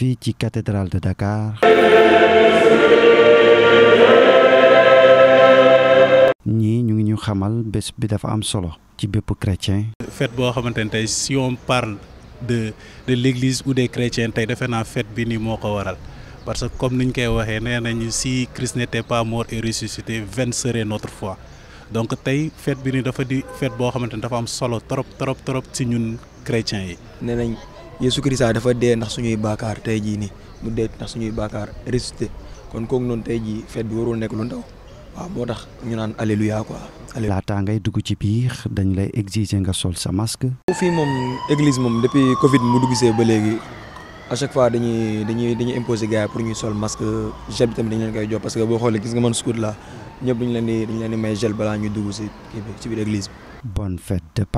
de la cathédrale de Dakar Nous, chrétien si on parle de de l'église ou des chrétiens fête parce que comme nous dit, si Christ n'était pas mort et ressuscité 20 serait notre foi donc fête fait fête solo trop trop trop chrétiens Yeesu Kirista dafa dee ndax suñuy baakaar tey jii nii mu dee ndax suñuy baakaar ressuscité kon kooku noonu tey jii fête bi warul nekk lu ndaw waaw moo tax ñu naan alléluia quoi. laataa ngay dugg ci biir dañu lay exiger nga sol sa masque. fii moom église moom depuis Covid mu dugg see ba léegi à chaque fois dañuy dañuy dañuy imposer gars yi pour ñuy sol masque gel bi tamit dañ leen koy jox parce que boo xoolee gis nga man scout la ñëpp dañ leen dañ leen di may gel balaa ñuy dugg si kii bi ci bi. bonne fête